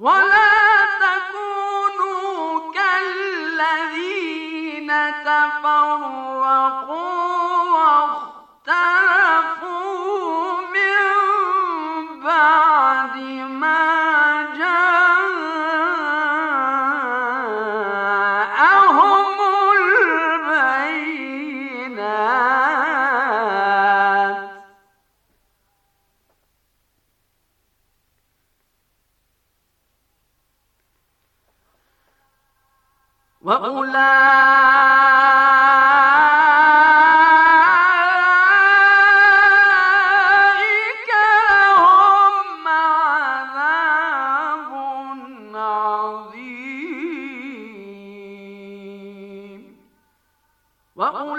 كفروا Kwa jina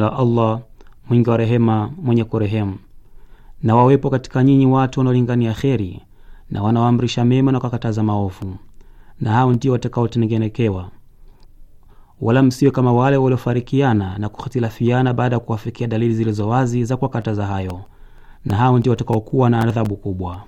la Allah mwingi wa rehema mwenye kurehemu. Na wawepo katika nyinyi watu wanaolingania kheri na wanaoamrisha mema na kukataza maovu, na hao ndio watakaotengenekewa. Wala msiwe kama wale waliofarikiana na kuhitilafiana baada ya kuwafikia dalili zilizo wazi za kuwakataza hayo, na hao ndio watakaokuwa na adhabu kubwa.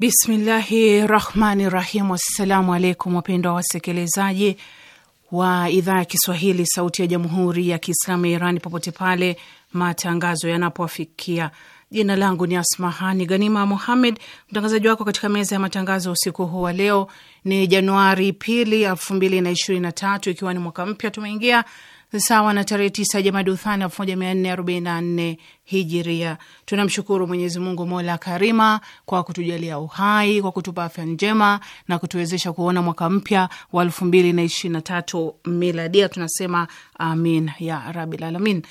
Bismillahi rahmani rahim. Assalamu alaikum wapendwa wasikilizaji wa idhaa ya Kiswahili sauti ya jamhuri ya Kiislamu ya Iran popote pale matangazo yanapowafikia. Jina langu ni Asmahani Ganima Muhammed, mtangazaji wako katika meza ya matangazo usiku huu wa leo. Ni Januari pili elfu mbili na ishirini na tatu, ikiwa ni mwaka mpya tumeingia sawa na tarehe tisa Jamadi Uthani elfu moja mia nne arobaini na nne Hijiria. Tunamshukuru Mwenyezi Mungu mola karima kwa kutujalia uhai, kwa kutupa afya njema na kutuwezesha kuona mwaka mpya wa elfu mbili na ishirini na tatu miladia. Tunasema amin ya rabil alamin.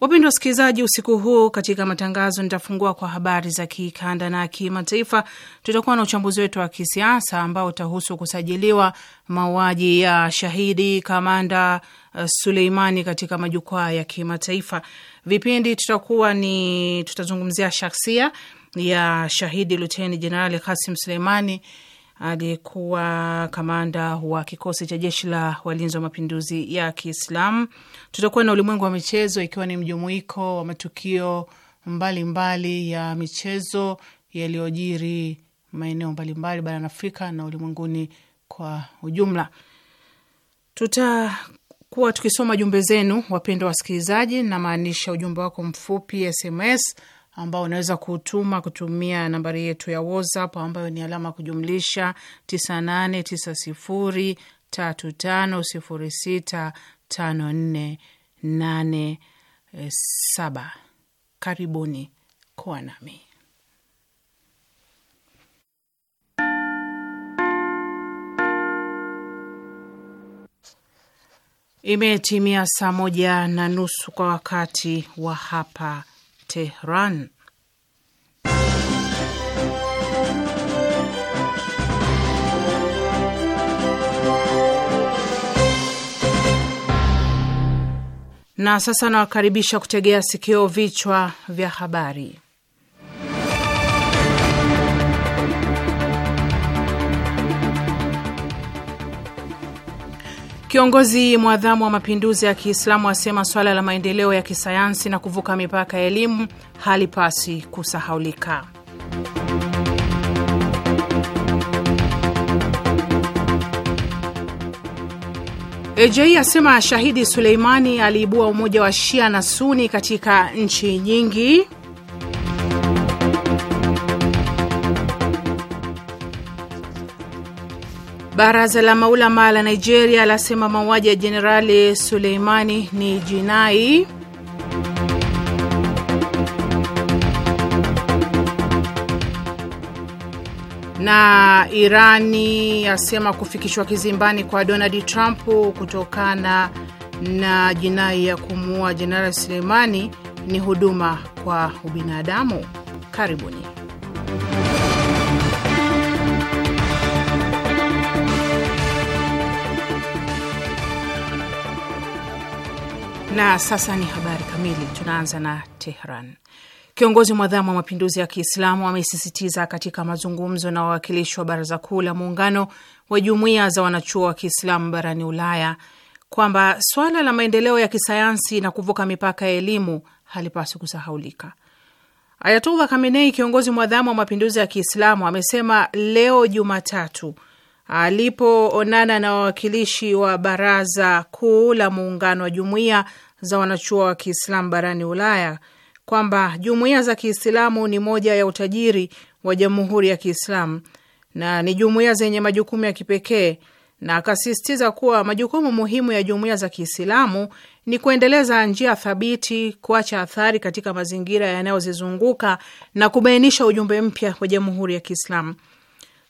Wapendwa wasikilizaji, usiku huu katika matangazo nitafungua kwa habari za kikanda na kimataifa. Tutakuwa na uchambuzi wetu wa kisiasa ambao utahusu kusajiliwa mauaji ya shahidi kamanda eh, Suleimani katika majukwaa ya kimataifa. Vipindi tutakuwa ni tutazungumzia shaksia ya shahidi luteni jenerali Kasim Suleimani aliyekuwa kamanda wa kikosi cha jeshi la walinzi wa mapinduzi ya Kiislamu. Tutakuwa na ulimwengu wa michezo, ikiwa ni mjumuiko wa matukio mbalimbali mbali ya michezo yaliyojiri maeneo mbalimbali barani Afrika na ulimwenguni kwa ujumla. Tutakuwa tukisoma jumbe zenu, wapendwa wasikilizaji, na maanisha ujumbe wako mfupi SMS ambao unaweza kutuma kutumia nambari yetu ya WhatsApp ambayo ni alama kujumlisha 989035065487. Karibuni kuwa nami. Imetimia saa moja na nusu kwa wakati wa hapa Tehran. Na sasa nawakaribisha kutegea sikio vichwa vya habari. Kiongozi mwadhamu wa mapinduzi ya Kiislamu asema swala la maendeleo ya kisayansi na kuvuka mipaka ya elimu halipasi kusahaulika. Ejei asema shahidi Suleimani aliibua umoja wa Shia na Suni katika nchi nyingi. Baraza la maulama la Nigeria lasema mauaji ya Jenerali Suleimani ni jinai. Na Irani yasema kufikishwa kizimbani kwa Donald Trump kutokana na jinai ya kumuua Jenerali Suleimani ni huduma kwa ubinadamu. Karibuni. Na sasa ni habari kamili. Tunaanza na Tehran. Kiongozi mwadhamu wa mapinduzi ya Kiislamu amesisitiza katika mazungumzo na wawakilishi wa baraza kuu la muungano wa jumuiya za wanachuo wa Kiislamu barani Ulaya kwamba swala la maendeleo ya kisayansi na kuvuka mipaka ya elimu halipaswi kusahaulika. Ayatullah Khamenei, kiongozi mwadhamu wa mapinduzi ya Kiislamu, amesema leo Jumatatu alipoonana na wawakilishi wa baraza kuu la muungano wa jumuiya za wanachuo wa Kiislamu barani Ulaya kwamba jumuiya za Kiislamu ni moja ya utajiri wa Jamhuri ya Kiislamu na ni jumuiya zenye majukumu ya kipekee, na akasisitiza kuwa majukumu muhimu ya jumuiya za Kiislamu ni kuendeleza njia thabiti, kuacha athari katika mazingira yanayozizunguka na kubainisha ujumbe mpya wa Jamhuri ya Kiislamu.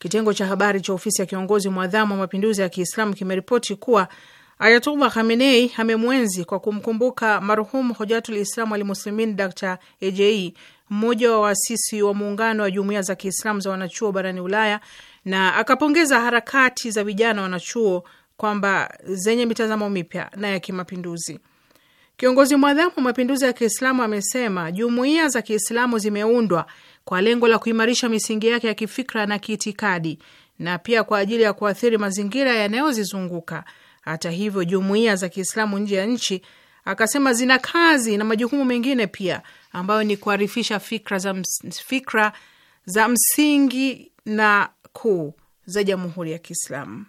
Kitengo cha habari cha ofisi ya kiongozi mwadhamu wa mapinduzi ya Kiislamu kimeripoti kuwa Ayatullah Khamenei amemwenzi kwa kumkumbuka marhum Hojatul Islamu Almuslimin Dr Ejei, mmoja wa waasisi wa muungano wa jumuiya za Kiislamu za wanachuo barani Ulaya, na akapongeza harakati za vijana wanachuo kwamba zenye mitazamo mipya na ya kimapinduzi. Kiongozi mwadhamu wa mapinduzi ya Kiislamu amesema jumuiya za Kiislamu zimeundwa kwa lengo la kuimarisha misingi yake ya kifikra na kiitikadi na pia kwa ajili ya kuathiri mazingira yanayozizunguka. Hata hivyo, jumuiya za Kiislamu nje ya nchi, akasema, zina kazi na majukumu mengine pia ambayo ni kuharifisha fikra za, ms fikra za msingi na kuu za Jamhuri ya Kiislamu.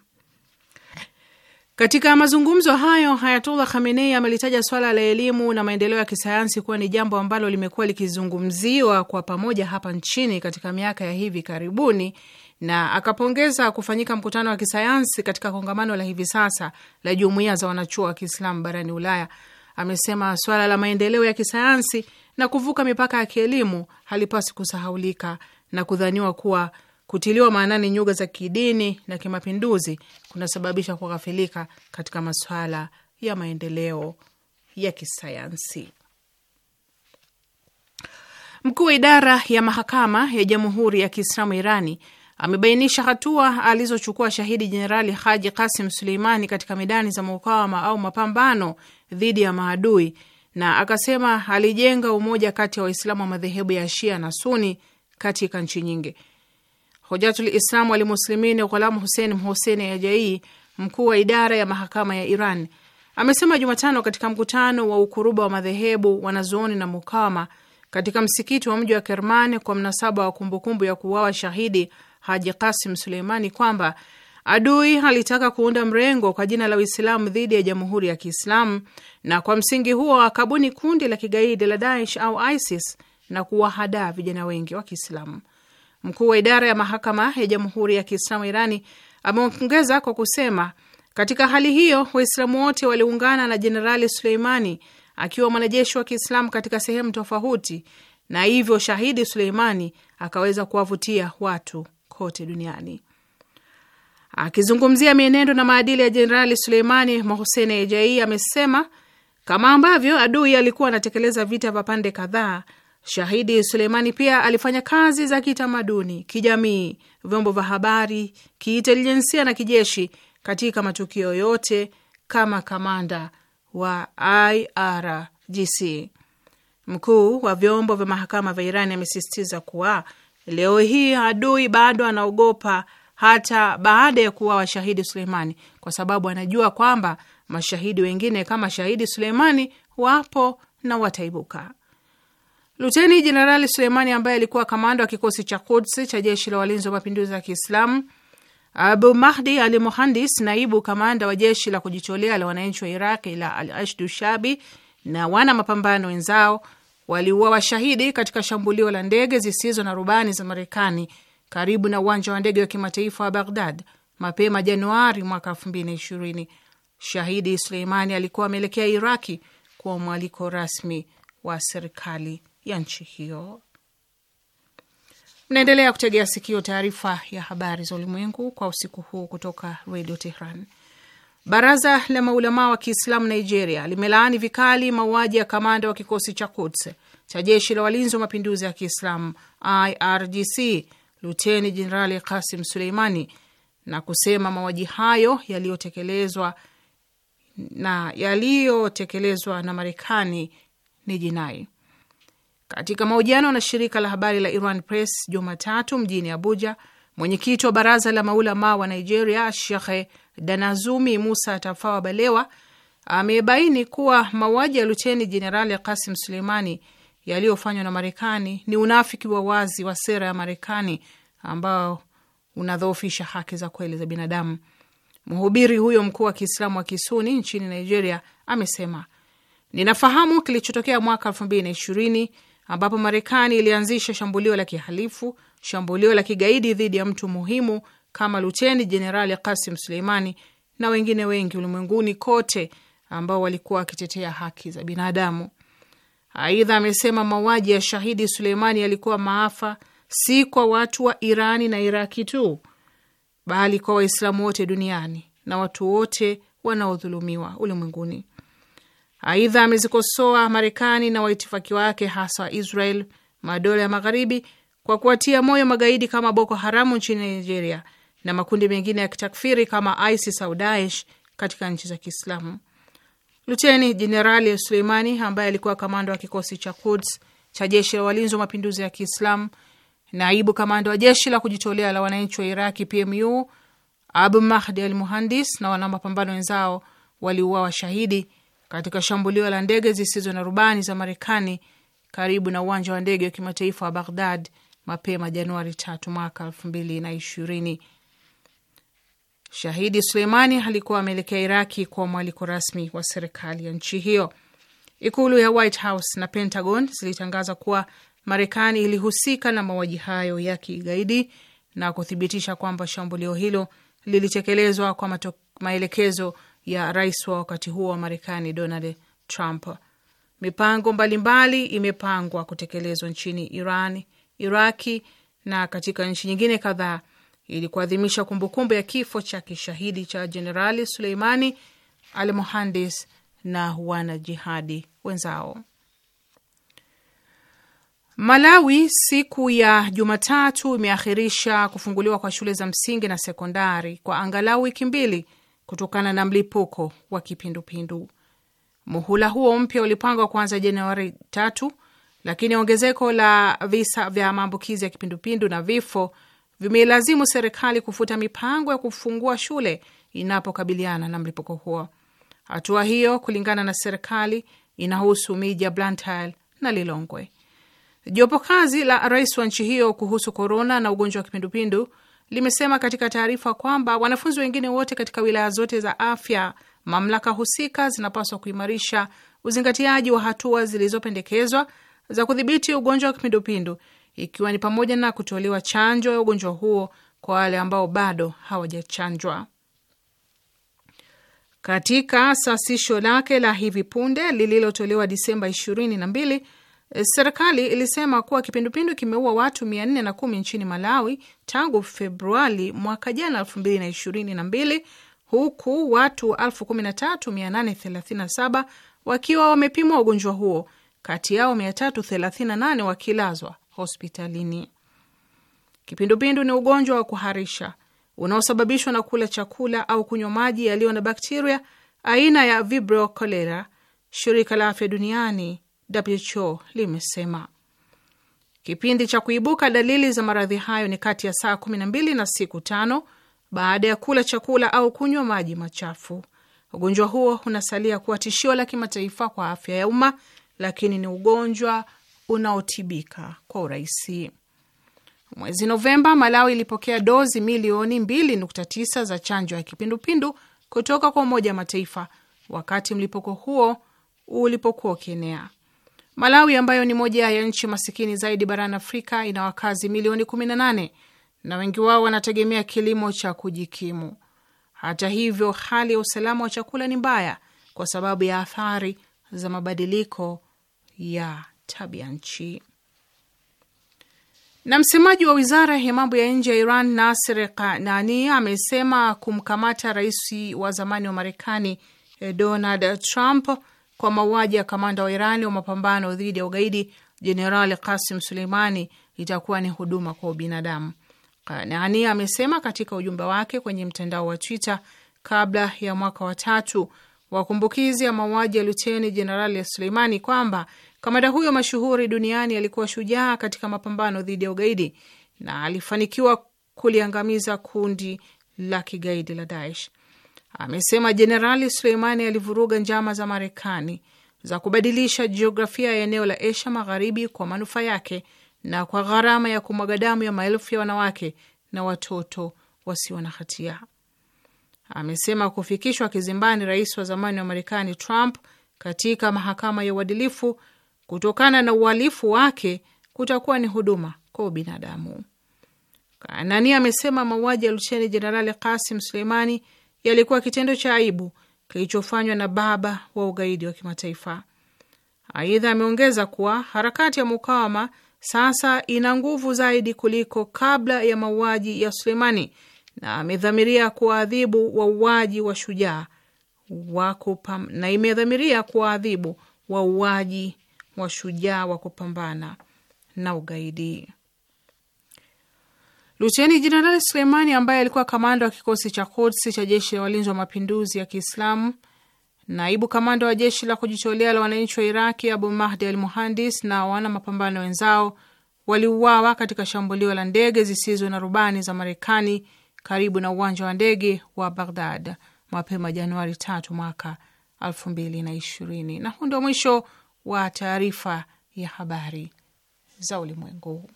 Katika mazungumzo hayo Hayatullah Khamenei amelitaja swala la elimu na maendeleo ya kisayansi kuwa ni jambo ambalo limekuwa likizungumziwa kwa pamoja hapa nchini katika miaka ya hivi karibuni, na akapongeza kufanyika mkutano wa kisayansi katika kongamano la hivi sasa la jumuiya za wanachuo wa Kiislamu barani Ulaya. Amesema swala la maendeleo ya kisayansi na kuvuka mipaka ya kielimu halipasi kusahaulika na kudhaniwa kuwa kutiliwa maanani nyuga za kidini na kimapinduzi kunasababisha kughafilika katika masuala ya maendeleo ya kisayansi. Mkuu wa idara ya mahakama ya Jamhuri ya Kiislamu Irani amebainisha hatua alizochukua shahidi Jenerali Haji Kasim Suleimani katika medani za mukawama au mapambano dhidi ya maadui, na akasema alijenga umoja kati ya Waislamu wa madhehebu ya Shia na Suni katika nchi nyingi. Hujatul Islam walimuslimini Ghulam Hussein Mhuseni Ajai, mkuu wa idara ya mahakama ya Iran, amesema Jumatano katika mkutano wa ukuruba wa madhehebu wanazuoni na mukawama katika msikiti wa mji wa Kerman kwa mnasaba wa kumbukumbu ya kuuawa shahidi Haji Kasim Suleimani kwamba adui alitaka kuunda mrengo kwa jina la Uislamu dhidi ya jamhuri ya Kiislamu, na kwa msingi huo akabuni kundi la kigaidi la Daesh au ISIS na kuwahadaa vijana wengi wa Kiislamu. Mkuu wa idara ya mahakama ya Jamhuri ya Kiislamu Irani ameongeza kwa kusema, katika hali hiyo Waislamu wote waliungana na Jenerali Suleimani akiwa mwanajeshi wa Kiislamu katika sehemu tofauti, na hivyo shahidi Suleimani akaweza kuwavutia watu kote duniani. Akizungumzia mienendo na maadili ya Jenerali Suleimani, Mohsen Ejai amesema kama ambavyo adui alikuwa anatekeleza vita vya pande kadhaa Shahidi Suleimani pia alifanya kazi za kitamaduni, kijamii, vyombo vya habari, kiintelijensia na kijeshi katika matukio yote kama kamanda wa IRGC. Mkuu wa vyombo vya mahakama vya Irani amesisitiza kuwa leo hii adui bado anaogopa hata baada ya kuwawa shahidi Suleimani, kwa sababu anajua kwamba mashahidi wengine kama shahidi Suleimani wapo na wataibuka. Luteni Jenerali Suleimani ambaye alikuwa kamanda wa kikosi cha Quds cha jeshi la walinzi wa mapinduzi ya Kiislamu, Abu Mahdi Al Muhandis, naibu kamanda wa jeshi la kujitolea la wananchi wa Iraqi la Al Ashdu Shabi na wana mapambano wenzao waliuawa shahidi katika shambulio la ndege zisizo na rubani za Marekani karibu na uwanja wa ndege wa kimataifa wa Baghdad mapema Januari mwaka elfu mbili ishirini. Shahidi Suleimani alikuwa ameelekea Iraki kwa mwaliko rasmi wa serikali ya nchi hiyo. Mnaendelea kutegea sikio taarifa ya habari za ulimwengu kwa usiku huu kutoka Radio Tehran. Baraza la maulamaa wa Kiislamu Nigeria limelaani vikali mauaji ya kamanda wa kikosi cha Quds cha jeshi la walinzi wa mapinduzi ya Kiislamu IRGC Luteni Jenerali Kasim Suleimani na kusema mauaji hayo yaliyotekelezwa na yaliyotekelezwa na Marekani ni jinai. Katika mahojiano na shirika la habari la Iran Press Jumatatu mjini Abuja, mwenyekiti wa baraza la ma wa Nigeria Shekhe Danazumi Musa Tafawa Balewa amebaini kuwa mauaji ya luteni jenerali Kasim Suleimani yaliyofanywa na Marekani ni unafiki wa wazi wa sera ya Marekani ambao unadhoofisha haki za kweli za binadamu. Mhubiri huyo mkuu wa Kiislamu wa Kisuni nchini Nigeria amesema, ninafahamu kilichotokea mwaka elfu mbili na ishirini ambapo Marekani ilianzisha shambulio la kihalifu, shambulio la kigaidi dhidi ya mtu muhimu kama Luteni Jenerali Kasim Suleimani na wengine wengi ulimwenguni kote ambao walikuwa wakitetea haki za binadamu. Aidha, amesema mauaji ya shahidi Suleimani yalikuwa maafa si kwa watu wa Irani na Iraki tu, bali kwa Waislamu wote duniani na watu wote wanaodhulumiwa ulimwenguni. Aidha, amezikosoa Marekani na waitifaki wake hasa Israel, madola ya Magharibi, kwa kuwatia moyo magaidi kama Boko Haramu nchini Nigeria na makundi mengine ya kitakfiri kama ISIS au Daesh katika nchi za Kiislamu. Luteni Jenerali Suleimani, ambaye alikuwa kamanda wa kikosi cha Quds cha jeshi la walinzi wa mapinduzi ya Kiislamu, naibu kamanda wa jeshi la kujitolea la wananchi wa Iraki PMU, Abu Mahdi al Muhandis na wanamapambano wenzao waliuawa shahidi katika shambulio la ndege zisizo na rubani za Marekani karibu na uwanja wa ndege wa kimataifa wa Baghdad mapema Januari tatu mwaka elfu mbili na ishirini. Shahidi Suleimani alikuwa ameelekea Iraki kwa mwaliko rasmi wa serikali ya nchi hiyo. Ikulu ya White House na Pentagon zilitangaza kuwa Marekani ilihusika na mauaji hayo ya kigaidi na kuthibitisha kwamba shambulio hilo lilitekelezwa kwa maelekezo ya rais wa wakati huo wa Marekani Donald Trump. Mipango mbalimbali mbali imepangwa kutekelezwa nchini Iran, Iraki na katika nchi nyingine kadhaa ili kuadhimisha kumbukumbu ya kifo cha kishahidi cha Jenerali Suleimani al Muhandis na wanajihadi wenzao. Malawi siku ya Jumatatu imeahirisha kufunguliwa kwa shule za msingi na sekondari kwa angalau wiki mbili kutokana na mlipuko wa kipindupindu. Muhula huo mpya ulipangwa kuanza Januari tatu, lakini ongezeko la visa vya maambukizi ya kipindupindu na vifo vimelazimu serikali kufuta mipango ya kufungua shule inapokabiliana na mlipuko huo. Hatua hiyo, kulingana na serikali, inahusu miji ya Blantyre na Lilongwe. Jopo kazi la rais wa nchi hiyo kuhusu korona na ugonjwa wa kipindupindu limesema katika taarifa kwamba wanafunzi wengine wote katika wilaya zote za afya, mamlaka husika zinapaswa kuimarisha uzingatiaji wa hatua zilizopendekezwa za kudhibiti ugonjwa wa kipindupindu, ikiwa ni pamoja na kutolewa chanjo ya ugonjwa huo kwa wale ambao bado hawajachanjwa. Katika sasisho lake la hivi punde lililotolewa Disemba ishirini na mbili Serikali ilisema kuwa kipindupindu kimeua watu 410 nchini Malawi tangu Februari mwaka jana 222 huku watu 13837 wakiwa wamepimwa ugonjwa huo, kati yao 338 wakilazwa hospitalini. Kipindupindu ni ugonjwa wa kuharisha unaosababishwa na kula chakula au kunywa maji yaliyo na bakteria aina ya Vibrio cholera. Shirika la Afya Duniani WHO limesema. Kipindi cha kuibuka dalili za maradhi hayo ni kati ya saa 12 na siku tano baada ya kula chakula au kunywa maji machafu. Ugonjwa huo unasalia kuwa tishio la kimataifa kwa afya ya umma, lakini ni ugonjwa unaotibika kwa urahisi. Mwezi Novemba, Malawi ilipokea dozi milioni 2.9 za chanjo ya kipindupindu kutoka kwa Umoja wa Mataifa wakati mlipuko huo ulipokuwa ukienea. Malawi ambayo ni moja ya nchi masikini zaidi barani Afrika ina wakazi milioni 18 na wengi wao wanategemea kilimo cha kujikimu. Hata hivyo, hali ya usalama wa chakula ni mbaya kwa sababu ya athari za mabadiliko ya tabia nchi. Na msemaji wa wizara ya mambo ya nje ya Iran, Nasir Kanani, amesema kumkamata rais wa zamani wa Marekani eh, Donald Trump kwa mauaji ya kamanda wa Irani wa mapambano dhidi ya ugaidi Jenerali Kasim Suleimani itakuwa ni huduma kwa ubinadamu. Kanaani amesema katika ujumbe wake kwenye mtandao wa Twitter kabla ya mwaka wa tatu wa kumbukizi ya mauaji ya luteni jenerali Suleimani kwamba kamanda huyo mashuhuri duniani alikuwa shujaa katika mapambano dhidi ya ugaidi na alifanikiwa kuliangamiza kundi la kigaidi la Daesh amesema Jenerali Suleimani alivuruga njama za Marekani za kubadilisha jiografia ya eneo la Asia Magharibi kwa manufaa yake na kwa gharama ya kumwaga damu ya maelfu ya wanawake na watoto wasio na hatia. Amesema kufikishwa kizimbani rais wa zamani wa Marekani Trump katika mahakama ya uadilifu kutokana na uhalifu wake kutakuwa ni huduma kwa ubinadamu. Kanani amesema mauaji ya Luteni Jenerali Kasim Suleimani yalikuwa kitendo cha aibu kilichofanywa na baba wa ugaidi wa kimataifa. Aidha, ameongeza kuwa harakati ya mukawama sasa ina nguvu zaidi kuliko kabla ya mauaji ya sulemani na amedhamiria kuwaadhibu wauaji wa shujaa wako na imedhamiria kuwaadhibu wauaji wa shujaa wa kupambana na ugaidi. Luteni Jenerali Suleimani ambaye alikuwa kamanda wa kikosi cha Kudsi cha jeshi la walinzi wa mapinduzi ya Kiislamu, naibu kamanda wa jeshi la kujitolea la wananchi wa Iraki Abu Mahdi al Muhandis na wana mapambano wenzao waliuawa katika shambulio la ndege zisizo na rubani za Marekani karibu na uwanja wa ndege wa Baghdad mapema Januari tatu mwaka elfu mbili na ishirini. Na huu ndio mwisho wa taarifa ya habari za ulimwengu.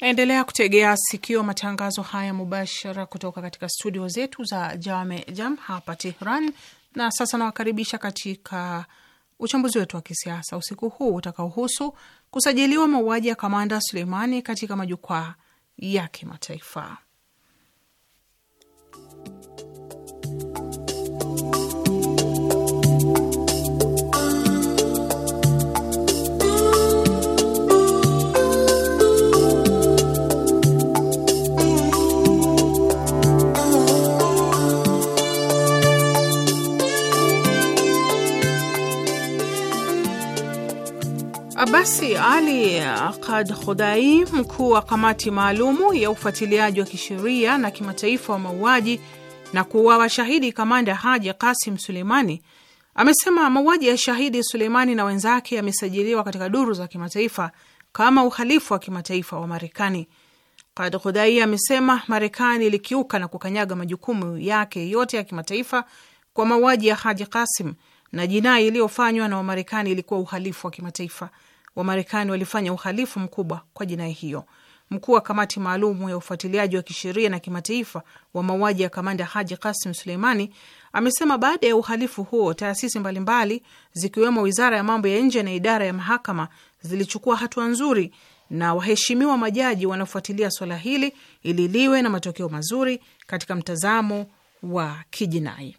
Endelea kutegea sikio matangazo haya mubashara kutoka katika studio zetu za Jame Jam hapa Tehran. Na sasa nawakaribisha katika uchambuzi wetu wa kisiasa usiku huu utakaohusu kusajiliwa mauaji ya kamanda Suleimani katika majukwaa ya kimataifa. Abasi Ali Akad Khodai, mkuu wa kamati maalumu ya ufuatiliaji wa kisheria na kimataifa wa mauaji na kuuawa shahidi kamanda Haji Kasim Suleimani, amesema mauaji ya shahidi Suleimani na wenzake yamesajiliwa katika duru za kimataifa kama uhalifu wa kimataifa wa Marekani. Kad Khodai amesema Marekani ilikiuka na kukanyaga majukumu yake yote ya kimataifa kwa mauaji ya Haji Kasim na jinai iliyofanywa na Wamarekani ilikuwa uhalifu wa kimataifa wa Marekani walifanya uhalifu mkubwa kwa jinai hiyo. Mkuu wa kamati maalum ya ufuatiliaji wa kisheria na kimataifa wa mauaji ya kamanda Haji Kasim Suleimani amesema baada ya uhalifu huo, taasisi mbalimbali zikiwemo wizara ya mambo ya nje na idara ya mahakama zilichukua hatua nzuri, na waheshimiwa majaji wanaofuatilia swala hili ili liwe na matokeo mazuri katika mtazamo wa kijinai.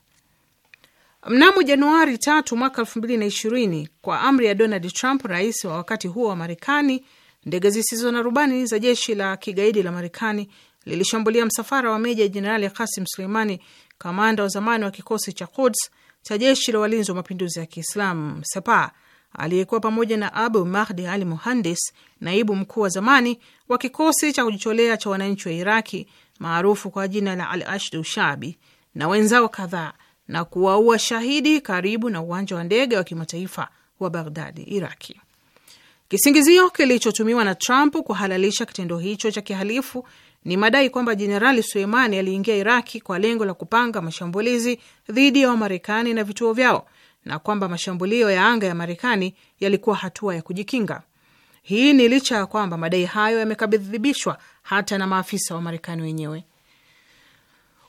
Mnamo Januari tatu mwaka elfu mbili na ishirini, kwa amri ya Donald Trump, rais wa wakati huo wa Marekani, ndege zisizo na rubani za jeshi la kigaidi la Marekani lilishambulia msafara wa meja jenerali Kasim Suleimani, kamanda wa zamani wa kikosi cha Quds cha jeshi la walinzi wa mapinduzi ya Kiislamu Sepa, aliyekuwa pamoja na Abu Mahdi al Muhandis, naibu mkuu wa zamani wa kikosi cha kujitolea cha wananchi wa Iraki maarufu kwa jina la Al Ashdu Shabi, na wenzao kadhaa na kuwaua shahidi karibu na uwanja wa ndege wa kimataifa wa Baghdadi, Iraki. Kisingizio kilichotumiwa na Trump kuhalalisha kitendo hicho cha kihalifu ni madai kwamba Jenerali Suleimani aliingia Iraki kwa lengo la kupanga mashambulizi dhidi ya Wamarekani na vituo vyao na kwamba mashambulio ya anga ya Marekani yalikuwa hatua ya kujikinga. Hii ni licha ya kwamba madai hayo yamekadhibishwa hata na maafisa wa Marekani wenyewe.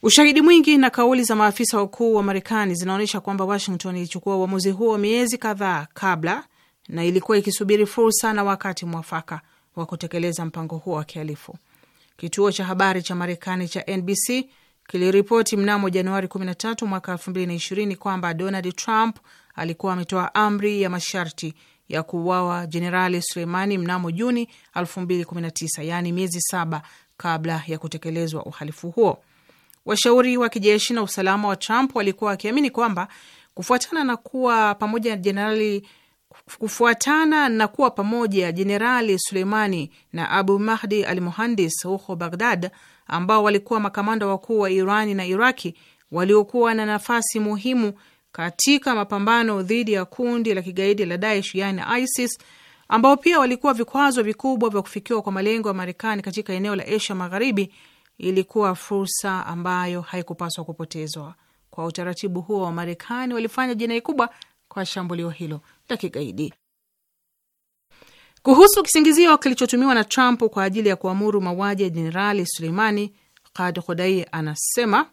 Ushahidi mwingi na kauli za maafisa wakuu wa Marekani zinaonyesha kwamba Washington ilichukua uamuzi huo miezi kadhaa kabla na ilikuwa ikisubiri fursa na wakati mwafaka wa kutekeleza mpango huo wa kihalifu. Kituo cha habari cha Marekani cha NBC kiliripoti mnamo Januari 13 mwaka 2020 kwamba Donald Trump alikuwa ametoa amri ya masharti ya kuuawa Jenerali Suleimani mnamo Juni 2019, yaani miezi saba kabla ya kutekelezwa uhalifu huo. Washauri wa kijeshi na usalama wa Trump walikuwa wakiamini kwamba kufuatana na kuwa pamoja jenerali kufuatana na kuwa pamoja Jenerali Suleimani na Abu Mahdi al Muhandis huko Baghdad, ambao walikuwa makamanda wakuu wa Irani na Iraki waliokuwa na nafasi muhimu katika mapambano dhidi ya kundi la kigaidi la Daesh yani ISIS, ambao pia walikuwa vikwazo vikubwa vya kufikiwa kwa malengo ya Marekani katika eneo la Asia Magharibi, ilikuwa fursa ambayo haikupaswa kupotezwa. Kwa utaratibu huo, wa Marekani walifanya jinai kubwa kwa shambulio hilo la kigaidi. Kuhusu kisingizio kilichotumiwa na Trump kwa ajili ya kuamuru mauaji ya Jenerali Suleimani, Kad Hodai anasema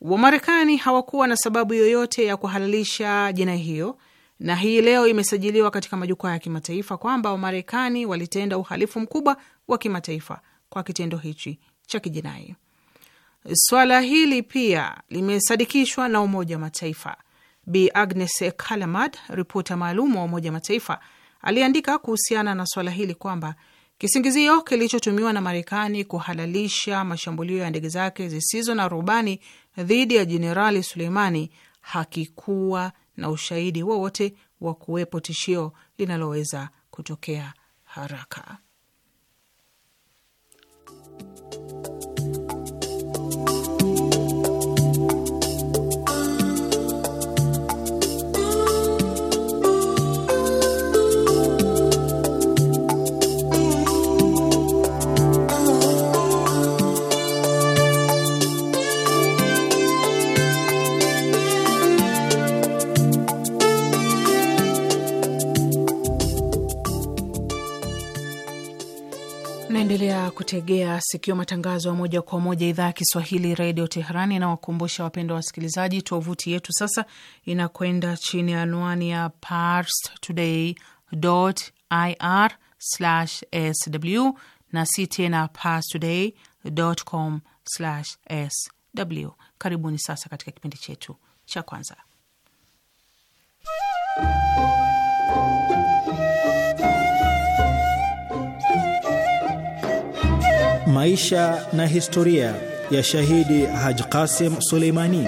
Wamarekani hawakuwa na sababu yoyote ya kuhalalisha jinai hiyo, na hii leo imesajiliwa katika majukwaa ya kimataifa kwamba Wamarekani walitenda uhalifu mkubwa wa kimataifa kwa kitendo hichi cha kijinai. Swala hili pia limesadikishwa na Umoja wa Mataifa. Bi Agnes Kalamad, ripota maalum wa Umoja wa Mataifa, aliandika kuhusiana na swala hili kwamba kisingizio kilichotumiwa na Marekani kuhalalisha mashambulio ya ndege zake zisizo na rubani dhidi ya Jenerali Suleimani hakikuwa na ushahidi wowote wa kuwepo tishio linaloweza kutokea haraka. Thank you. Mnaendelea kutegea sikio matangazo ya moja kwa moja idhaa ya Kiswahili redio Teherani. Inawakumbusha wapendwa wasikilizaji, tovuti yetu sasa inakwenda chini ya anwani ya parstoday.ir/sw na si tena parstoday.com/sw. Karibuni sasa katika kipindi chetu cha kwanza maisha na historia ya shahidi Haji Qasim Suleimani.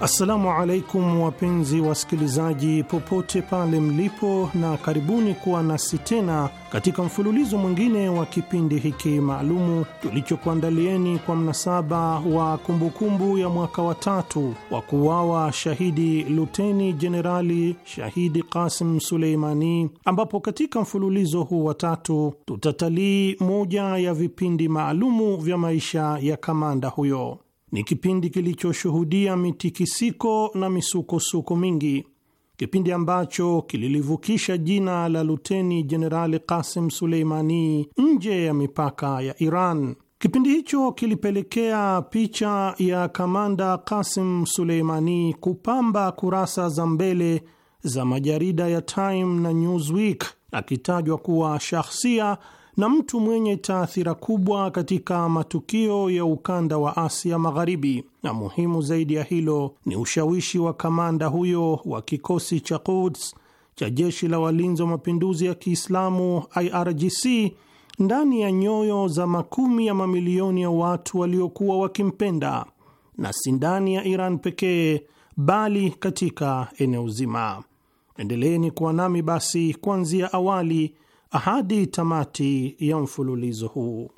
Assalamu alaikum wapenzi wasikilizaji, popote pale mlipo, na karibuni kuwa nasi tena katika mfululizo mwingine wa kipindi hiki maalumu tulichokuandalieni kwa mnasaba wa kumbukumbu kumbu ya mwaka wa tatu wa kuuawa shahidi luteni jenerali shahidi Kasim Suleimani, ambapo katika mfululizo huu wa tatu tutatalii moja ya vipindi maalumu vya maisha ya kamanda huyo ni kipindi kilichoshuhudia mitikisiko na misukosuko mingi, kipindi ambacho kililivukisha jina la Luteni Jenerali Kasim Suleimani nje ya mipaka ya Iran. Kipindi hicho kilipelekea picha ya kamanda Kasim Suleimani kupamba kurasa za mbele za majarida ya Time na Newsweek, akitajwa kuwa shahsia na mtu mwenye taathira kubwa katika matukio ya ukanda wa Asia Magharibi, na muhimu zaidi ya hilo ni ushawishi wa kamanda huyo wa kikosi cha Quds cha jeshi la walinzi wa mapinduzi ya Kiislamu IRGC ndani ya nyoyo za makumi ya mamilioni ya watu waliokuwa wakimpenda, na si ndani ya Iran pekee bali katika eneo zima. Endeleeni kuwa nami basi kuanzia awali ahadi tamati ya mfululizo huu.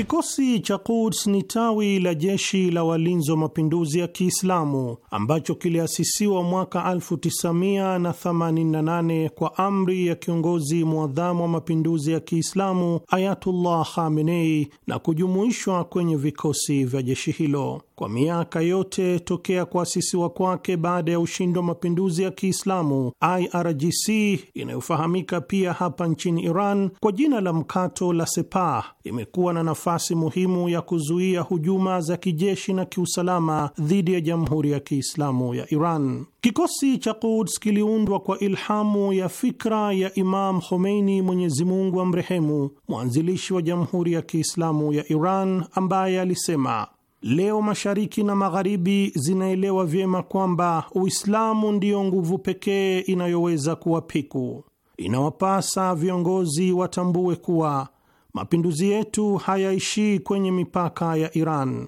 Kikosi cha Quds ni tawi la jeshi la walinzi wa mapinduzi ya Kiislamu ambacho kiliasisiwa mwaka 1988 kwa amri ya kiongozi mwadhamu wa mapinduzi ya Kiislamu Ayatullah Khamenei na kujumuishwa kwenye vikosi vya jeshi hilo. Kwa miaka yote tokea kuasisiwa kwake baada ya ushindi wa mapinduzi ya Kiislamu, IRGC inayofahamika pia hapa nchini Iran kwa jina la mkato la Sepah imekuwa na nafasi muhimu ya kuzuia hujuma za kijeshi na kiusalama dhidi ya Jamhuri ya Kiislamu ya Iran. Kikosi cha Quds kiliundwa kwa ilhamu ya fikra ya Imam Khomeini, Mwenyezi Mungu amrehemu, mwanzilishi wa Jamhuri ya Kiislamu ya Iran, ambaye alisema Leo mashariki na magharibi zinaelewa vyema kwamba Uislamu ndiyo nguvu pekee inayoweza kuwapiku. Inawapasa viongozi watambue kuwa mapinduzi yetu hayaishii kwenye mipaka ya Iran.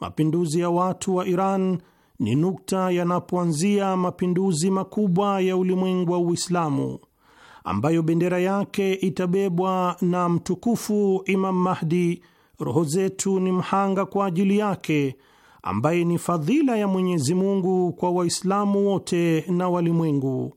Mapinduzi ya watu wa Iran ni nukta yanapoanzia mapinduzi makubwa ya ulimwengu wa Uislamu ambayo bendera yake itabebwa na mtukufu Imam Mahdi roho zetu ni mhanga kwa ajili yake, ambaye ni fadhila ya Mwenyezi Mungu kwa Waislamu wote na walimwengu,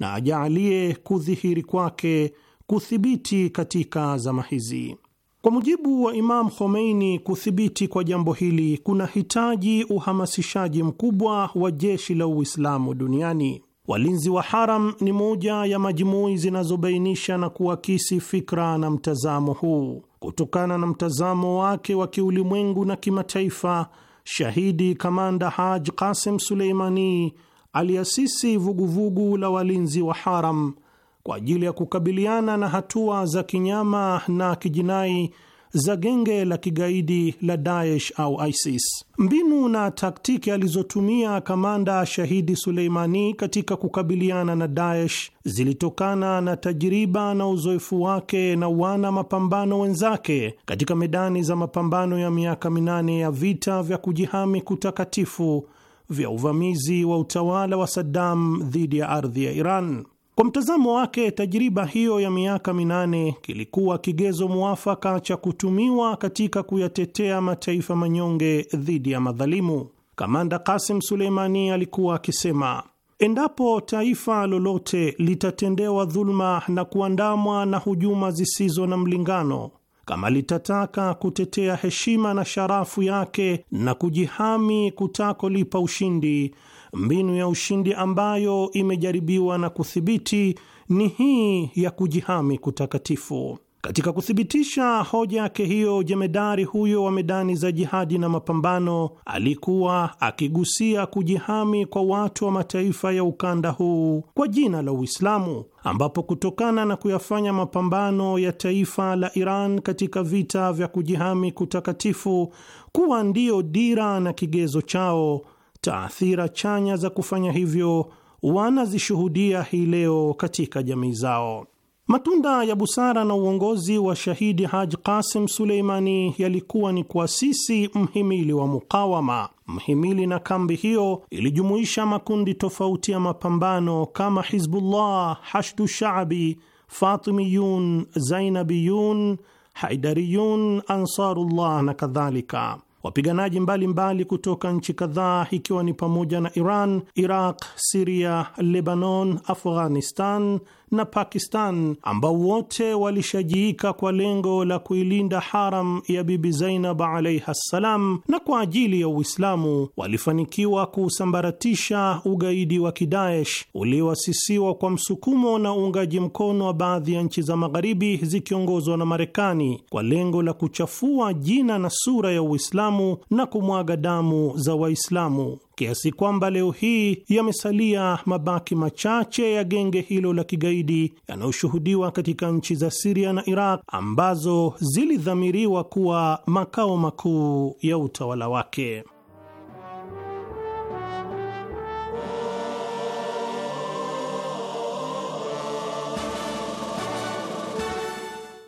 na ajaalie kudhihiri kwake kuthibiti katika zama hizi. Kwa mujibu wa Imam Khomeini, kuthibiti kwa jambo hili kuna hitaji uhamasishaji mkubwa wa jeshi la Uislamu duniani. Walinzi wa Haram ni moja ya majumui zinazobainisha na kuakisi fikra na mtazamo huu kutokana na mtazamo wake wa kiulimwengu na kimataifa, shahidi kamanda Haj Qasim Suleimani aliasisi vuguvugu la walinzi wa haram kwa ajili ya kukabiliana na hatua za kinyama na kijinai za genge la kigaidi la Daesh au ISIS. Mbinu na taktiki alizotumia kamanda shahidi Suleimani katika kukabiliana na Daesh zilitokana na tajiriba na uzoefu wake na wana mapambano wenzake katika medani za mapambano ya miaka minane ya vita vya kujihami kutakatifu vya uvamizi wa utawala wa Saddam dhidi ya ardhi ya Iran. Kwa mtazamo wake, tajriba hiyo ya miaka minane kilikuwa kigezo muafaka cha kutumiwa katika kuyatetea mataifa manyonge dhidi ya madhalimu. Kamanda Kasim Suleimani alikuwa akisema, endapo taifa lolote litatendewa dhuluma na kuandamwa na hujuma zisizo na mlingano, kama litataka kutetea heshima na sharafu yake na kujihami kutakolipa ushindi Mbinu ya ushindi ambayo imejaribiwa na kuthibiti ni hii ya kujihami kutakatifu. Katika kuthibitisha hoja yake hiyo, jemedari huyo wa medani za jihadi na mapambano alikuwa akigusia kujihami kwa watu wa mataifa ya ukanda huu kwa jina la Uislamu, ambapo kutokana na kuyafanya mapambano ya taifa la Iran katika vita vya kujihami kutakatifu kuwa ndiyo dira na kigezo chao taathira chanya za kufanya hivyo wanazishuhudia hii leo katika jamii zao. Matunda ya busara na uongozi wa shahidi Haj Qasim Suleimani yalikuwa ni kuasisi mhimili wa mukawama. Mhimili na kambi hiyo ilijumuisha makundi tofauti ya mapambano kama Hizbullah, Hashdu Shaabi, Fatimiyun, Zainabiyun, Haidariyun, Ansarullah na kadhalika. Wapiganaji mbalimbali kutoka nchi kadhaa ikiwa ni pamoja na Iran, Iraq, Siria, Lebanon, Afghanistan na Pakistan ambao wote walishajiika kwa lengo la kuilinda haram ya Bibi Zainab alaiha ssalam, na kwa ajili ya Uislamu walifanikiwa kuusambaratisha ugaidi wa Kidaesh uliowasisiwa kwa msukumo na uungaji mkono wa baadhi ya nchi za Magharibi zikiongozwa na Marekani kwa lengo la kuchafua jina na sura ya Uislamu na kumwaga damu za Waislamu kiasi kwamba leo hii yamesalia mabaki machache ya genge hilo la kigaidi yanayoshuhudiwa katika nchi za Siria na Iraq ambazo zilidhamiriwa kuwa makao makuu ya utawala wake.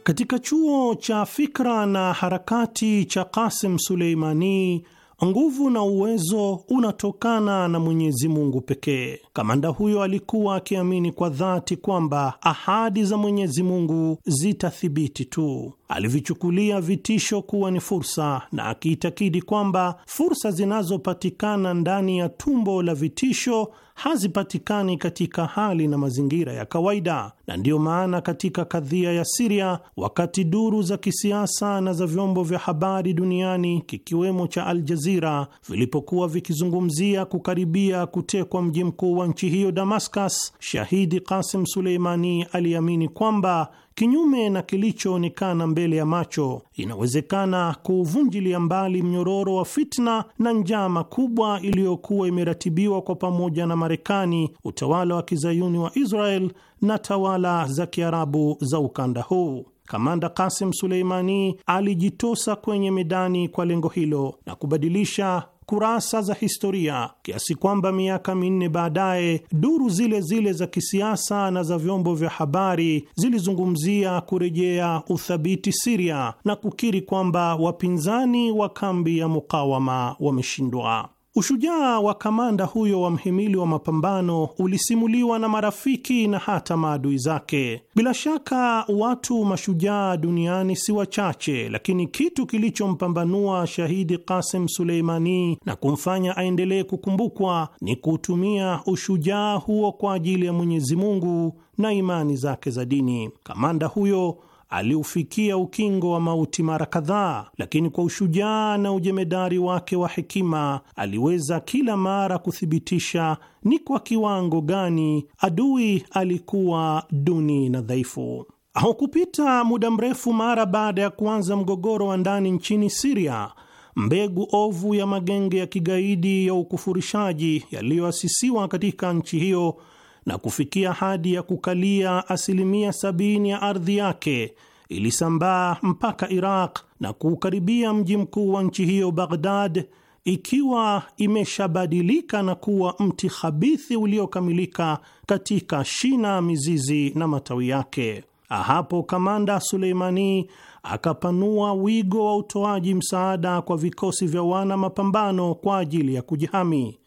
Katika chuo cha fikra na harakati cha Kasim Suleimani Nguvu na uwezo unatokana na Mwenyezi Mungu pekee. Kamanda huyo alikuwa akiamini kwa dhati kwamba ahadi za Mwenyezi Mungu zitathibiti tu. Alivichukulia vitisho kuwa ni fursa, na akiitakidi kwamba fursa zinazopatikana ndani ya tumbo la vitisho hazipatikani katika hali na mazingira ya kawaida, na ndiyo maana katika kadhia ya Siria, wakati duru za kisiasa na za vyombo vya habari duniani kikiwemo cha Al Jazira vilipokuwa vikizungumzia kukaribia kutekwa mji mkuu wa nchi hiyo Damascus, shahidi Qasim Suleimani aliamini kwamba kinyume na kilichoonekana mbele ya macho, inawezekana kuuvunjilia mbali mnyororo wa fitna na njama kubwa iliyokuwa imeratibiwa kwa pamoja na Marekani, utawala wa kizayuni wa Israel na tawala za kiarabu za ukanda huu. Kamanda Kasim Suleimani alijitosa kwenye medani kwa lengo hilo na kubadilisha kurasa za historia kiasi kwamba miaka minne baadaye duru zile zile za kisiasa na za vyombo vya habari zilizungumzia kurejea uthabiti Siria na kukiri kwamba wapinzani wa kambi ya mukawama wameshindwa. Ushujaa wa kamanda huyo wa mhimili wa mapambano ulisimuliwa na marafiki na hata maadui zake. Bila shaka watu mashujaa duniani si wachache, lakini kitu kilichompambanua shahidi Kasim Suleimani na kumfanya aendelee kukumbukwa ni kutumia ushujaa huo kwa ajili ya Mwenyezi Mungu na imani zake za dini. Kamanda huyo aliufikia ukingo wa mauti mara kadhaa, lakini kwa ushujaa na ujemedari wake wa hekima aliweza kila mara kuthibitisha ni kwa kiwango gani adui alikuwa duni na dhaifu. Haukupita muda mrefu, mara baada ya kuanza mgogoro wa ndani nchini Siria, mbegu ovu ya magenge ya kigaidi ya ukufurishaji yaliyoasisiwa katika nchi hiyo na kufikia hadi ya kukalia asilimia sabini ya ardhi yake, ilisambaa mpaka Iraq na kuukaribia mji mkuu wa nchi hiyo Baghdad, ikiwa imeshabadilika na kuwa mti khabithi uliokamilika katika shina, mizizi na matawi yake. Hapo kamanda Suleimani akapanua wigo wa utoaji msaada kwa vikosi vya wana mapambano kwa ajili ya kujihami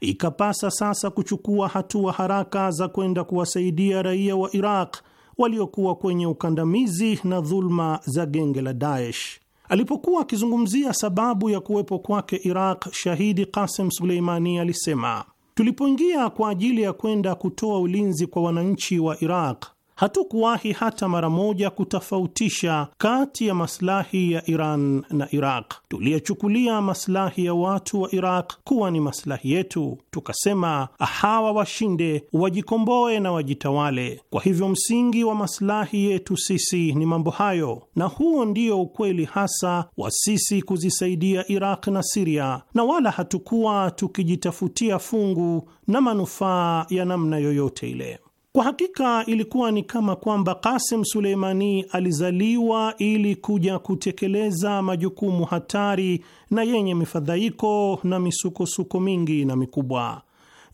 ikapasa sasa kuchukua hatua haraka za kwenda kuwasaidia raia wa Iraq waliokuwa kwenye ukandamizi na dhuluma za genge la Daesh. Alipokuwa akizungumzia sababu ya kuwepo kwake Iraq, shahidi Qasim Suleimani alisema, tulipoingia kwa ajili ya kwenda kutoa ulinzi kwa wananchi wa Iraq hatukuwahi hata mara moja kutofautisha kati ya maslahi ya Iran na Iraq. Tuliyechukulia maslahi ya watu wa Iraq kuwa ni maslahi yetu, tukasema hawa washinde, wajikomboe na wajitawale. Kwa hivyo msingi wa maslahi yetu sisi ni mambo hayo, na huo ndio ukweli hasa wa sisi kuzisaidia Iraq na Siria, na wala hatukuwa tukijitafutia fungu na manufaa ya namna yoyote ile. Kwa hakika ilikuwa ni kama kwamba Kasim Suleimani alizaliwa ili kuja kutekeleza majukumu hatari na yenye mifadhaiko na misukosuko mingi na mikubwa.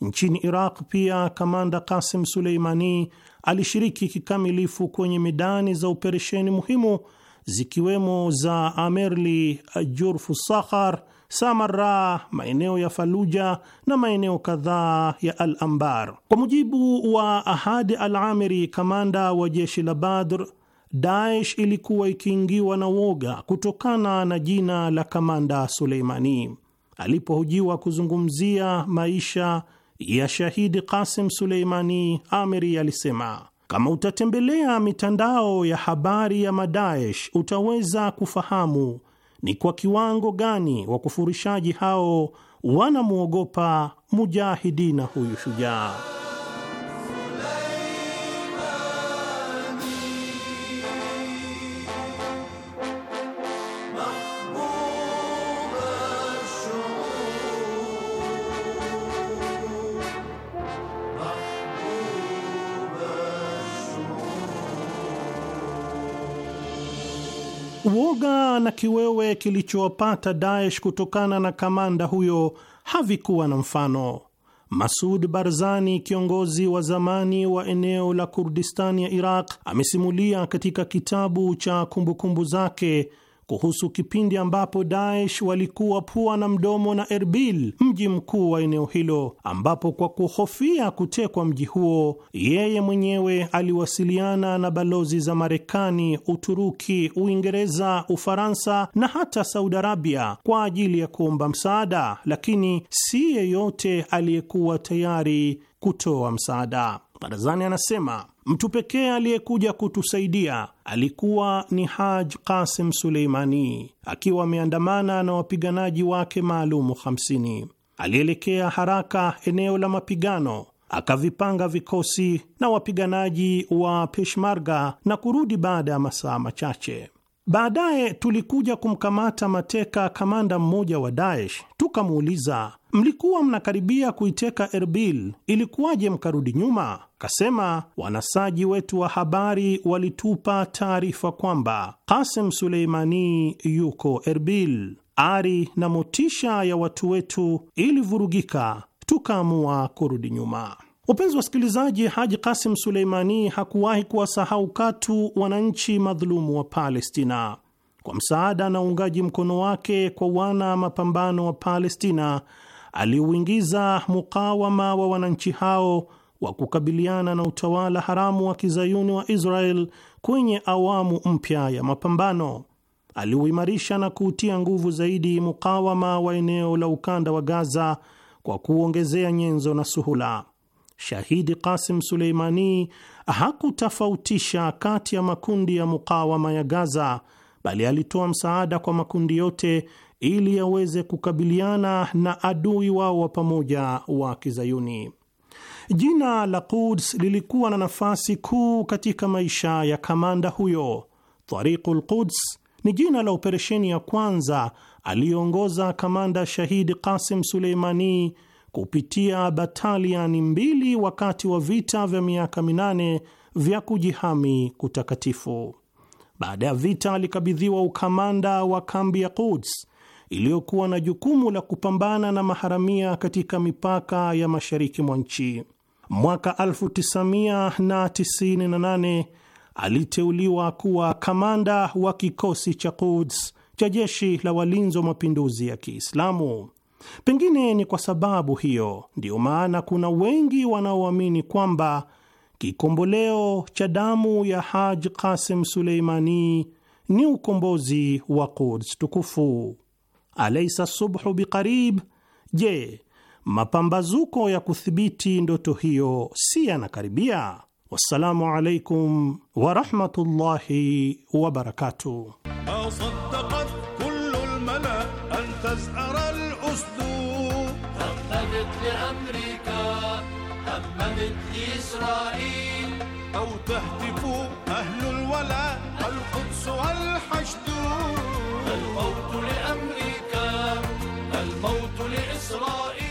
Nchini Iraq pia kamanda Kasim Suleimani alishiriki kikamilifu kwenye medani za operesheni muhimu zikiwemo za Amerli, Jurfu Sakhar Samarra, maeneo ya Faluja na maeneo kadhaa ya Al Ambar. Kwa mujibu wa Ahadi Al Amiri, kamanda wa jeshi la Badr, Daesh ilikuwa ikiingiwa na woga kutokana na jina la kamanda Suleimani. Alipohojiwa kuzungumzia maisha ya shahidi Qasim Suleimani, Amiri alisema kama utatembelea mitandao ya habari ya Madaesh utaweza kufahamu ni kwa kiwango gani wakufurishaji hao wanamwogopa mujahidina huyu shujaa. Uoga na kiwewe kilichowapata Daesh kutokana na kamanda huyo havikuwa na mfano. Masud Barzani, kiongozi wa zamani wa eneo la Kurdistan ya Iraq, amesimulia katika kitabu cha kumbukumbu zake kuhusu kipindi ambapo Daesh walikuwa pua na mdomo na Erbil, mji mkuu wa eneo hilo, ambapo kwa kuhofia kutekwa mji huo, yeye mwenyewe aliwasiliana na balozi za Marekani, Uturuki, Uingereza, Ufaransa na hata Saudi Arabia kwa ajili ya kuomba msaada, lakini si yeyote aliyekuwa tayari kutoa msaada. Barazani anasema Mtu pekee aliyekuja kutusaidia alikuwa ni Haj Qasim Suleimani akiwa ameandamana na wapiganaji wake maalumu 50. Alielekea haraka eneo la mapigano akavipanga vikosi na wapiganaji wa Peshmarga na kurudi baada ya masaa machache. Baadaye tulikuja kumkamata mateka kamanda mmoja wa Daesh, tukamuuliza, mlikuwa mnakaribia kuiteka Erbil, ilikuwaje mkarudi nyuma? Kasema, wanasaji wetu wa habari walitupa taarifa kwamba kasem Suleimani yuko Erbil. Ari na motisha ya watu wetu ilivurugika, tukaamua kurudi nyuma. Wapenzi wasikilizaji, Haji Kasim Suleimani hakuwahi kuwasahau katu wananchi madhulumu wa Palestina. Kwa msaada na uungaji mkono wake kwa wana mapambano wa Palestina, aliuingiza mukawama wa wananchi hao wa kukabiliana na utawala haramu wa kizayuni wa Israel kwenye awamu mpya ya mapambano. Aliuimarisha na kuutia nguvu zaidi mukawama wa eneo la ukanda wa Gaza kwa kuongezea nyenzo na suhula. Shahidi Qasim Suleimani hakutofautisha kati ya makundi ya mukawama ya Gaza, bali alitoa msaada kwa makundi yote ili yaweze kukabiliana na adui wao wa pamoja wa Kizayuni. Jina la Quds lilikuwa na nafasi kuu katika maisha ya kamanda huyo. Tariqul Quds ni jina la operesheni ya kwanza aliyoongoza kamanda shahidi Qasim Suleimani kupitia bataliani mbili wakati wa vita vya miaka minane vya kujihami kutakatifu. Baada ya vita, alikabidhiwa ukamanda wa kambi ya Quds iliyokuwa na jukumu la kupambana na maharamia katika mipaka ya mashariki mwa nchi. Mwaka 1998 aliteuliwa kuwa kamanda wa kikosi cha Quds cha jeshi la walinzi wa mapinduzi ya Kiislamu. Pengine ni kwa sababu hiyo ndiyo maana kuna wengi wanaoamini kwamba kikomboleo cha damu ya Haj Qasim Suleimani ni ukombozi wa Quds tukufu. Alaisa subhu biqarib? Je, mapambazuko ya kuthibiti ndoto hiyo si yanakaribia? Wassalamu alaikum warahmatullahi wabarakatuh. إسرائيل أو أهل الولاء القدس الموت لأمريكا الموت لإسرائيل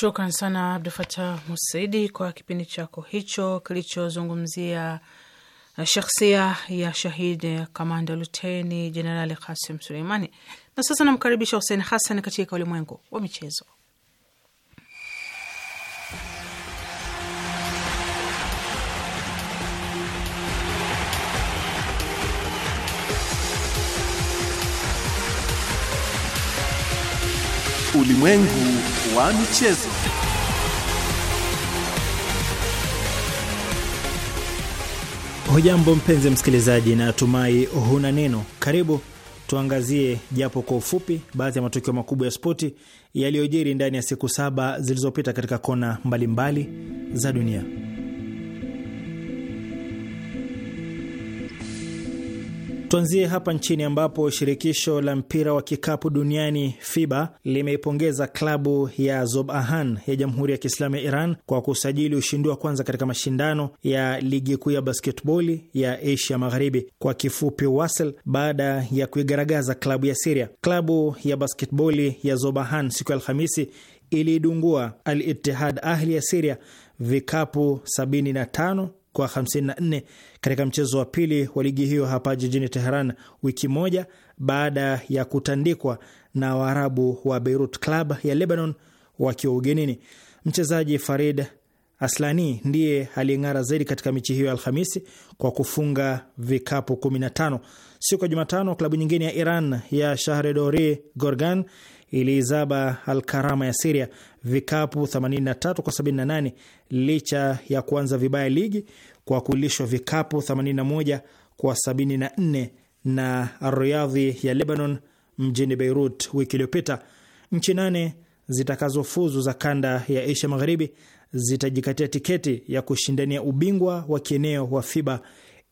Shukran sana Abdu Fatah Musaidi kwa kipindi chako hicho kilichozungumzia eh, shakhsia ya shahid eh, kamanda luteni jenerali Kasim Suleimani. Na sasa namkaribisha Husein Hasan katika ulimwengu wa michezo. Ulimwengu wa michezo. Hujambo mpenzi msikilizaji, na tumai huna neno. Karibu tuangazie japo kwa ufupi baadhi ya matukio makubwa ya spoti yaliyojiri ndani ya siku saba zilizopita katika kona mbalimbali mbali za dunia. Tuanzie hapa nchini ambapo shirikisho la mpira wa kikapu duniani FIBA limeipongeza klabu ya Zobahan ya Jamhuri ya Kiislamu ya Iran kwa kusajili ushindi wa kwanza katika mashindano ya ligi kuu ya basketboli ya Asia Magharibi, kwa kifupi WASL, baada ya kuigaragaza klabu ya Siria. Klabu ya basketboli ya Zobahan siku ya Alhamisi iliidungua Al Ittihad Ahli ya Siria vikapu 75 kwa 54 katika mchezo wa pili wa ligi hiyo hapa jijini Teheran, wiki moja baada ya kutandikwa na Waarabu wa Beirut Club ya Lebanon wakiwa ugenini. Mchezaji Farid Aslani ndiye aliyeng'ara zaidi katika michi hiyo ya Alhamisi kwa kufunga vikapu 15. Siku ya Jumatano, klabu nyingine ya Iran ya Shahredori Gorgan iliizaba alkarama ya Siria vikapu 83 kwa 78 licha ya kuanza vibaya ligi kwa kulishwa vikapu 81 kwa 74 na Riyadhi ya Lebanon mjini Beirut wiki iliyopita. Nchi nane zitakazofuzu za kanda ya Asia Magharibi zitajikatia tiketi ya kushindania ubingwa wa kieneo wa FIBA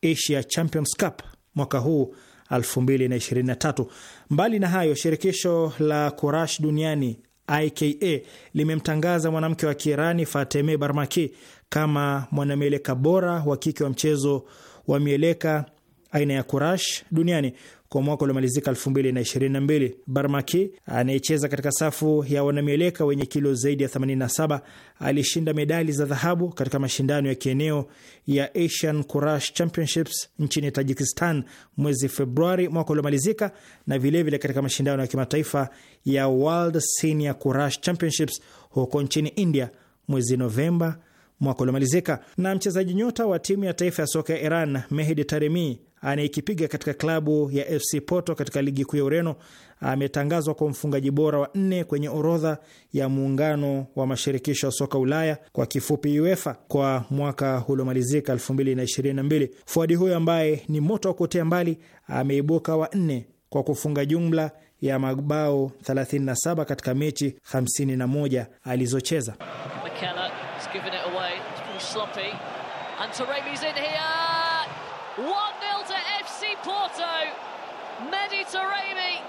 Asia Champions Cup mwaka huu 2023. Mbali na hayo, shirikisho la kurash duniani IKA limemtangaza mwanamke wa Kiirani Fateme Barmaki kama mwanamieleka bora wa kike wa mchezo wa mieleka aina ya Kurash duniani kwa mwaka uliomalizika 2022. Barmaki anayecheza katika safu ya wanamieleka wenye kilo zaidi ya 87 alishinda medali za dhahabu katika mashindano ya kieneo ya Asian Kurash Championships nchini Tajikistan mwezi Februari mwaka uliomalizika na vilevile vile katika mashindano ya kimataifa ya World Senior Kurash Championships huko nchini India mwezi Novemba mwaka uliomalizika. Na mchezaji nyota wa timu ya taifa ya soka ya Iran Mehdi Taremi anayekipiga katika klabu ya FC Porto katika ligi kuu ya Ureno ametangazwa kwa mfungaji bora wa nne kwenye orodha ya muungano wa mashirikisho ya soka Ulaya kwa kifupi UEFA kwa mwaka uliomalizika 2022. Fuadi huyo ambaye ni moto wa kuotea mbali ameibuka wa nne kwa kufunga jumla ya mabao 37 katika mechi 51 alizocheza. McKenna, Taremi.